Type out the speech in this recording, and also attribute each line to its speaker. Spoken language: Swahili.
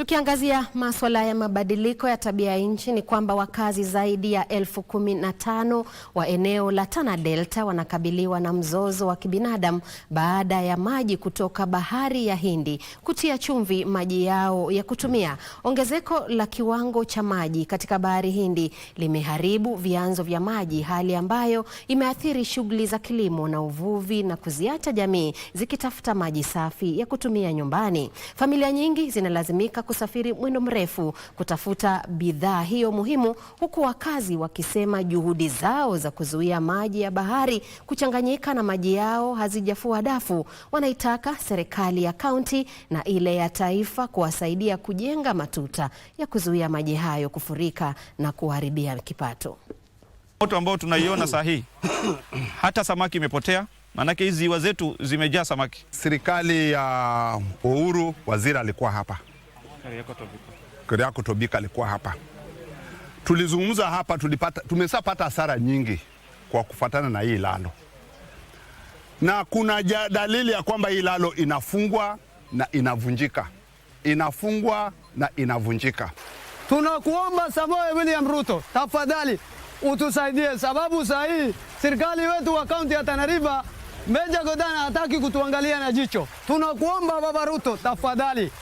Speaker 1: Tukiangazia masuala ya mabadiliko ya tabia ya nchi ni kwamba wakazi zaidi ya elfu kumi na tano wa eneo la Tana Delta wanakabiliwa na mzozo wa kibinadamu baada ya maji kutoka Bahari ya Hindi kutia chumvi maji yao ya kutumia. Ongezeko la kiwango cha maji katika Bahari Hindi limeharibu vyanzo vya maji, hali ambayo imeathiri shughuli za kilimo na uvuvi na kuziacha jamii zikitafuta maji safi ya kutumia nyumbani. Familia nyingi zinalazimika kusafiri mwendo mrefu kutafuta bidhaa hiyo muhimu, huku wakazi wakisema juhudi zao za kuzuia maji ya bahari kuchanganyika na maji yao hazijafua dafu. Wanaitaka serikali ya kaunti na ile ya taifa kuwasaidia kujenga matuta ya kuzuia maji hayo kufurika na kuharibia kipato.
Speaker 2: Moto ambao tunaiona saa hii hata samaki imepotea, maanake hizi ziwa zetu zimejaa samaki.
Speaker 3: Serikali ya Uhuru, waziri alikuwa hapa Kariako Tobika alikuwa hapa, tulizungumza hapa, tulipata tumesapata hasara nyingi kwa kufatana na hii lalo, na kuna dalili ya kwamba hii lalo inafungwa na inavunjika, inafungwa na inavunjika.
Speaker 4: Tunakuomba Samoe William Ruto, tafadhali utusaidie, sababu saa hii serikali wetu wa kaunti ya Tana River Meja Godana hataki kutuangalia na jicho. Tunakuomba Baba Ruto, tafadhali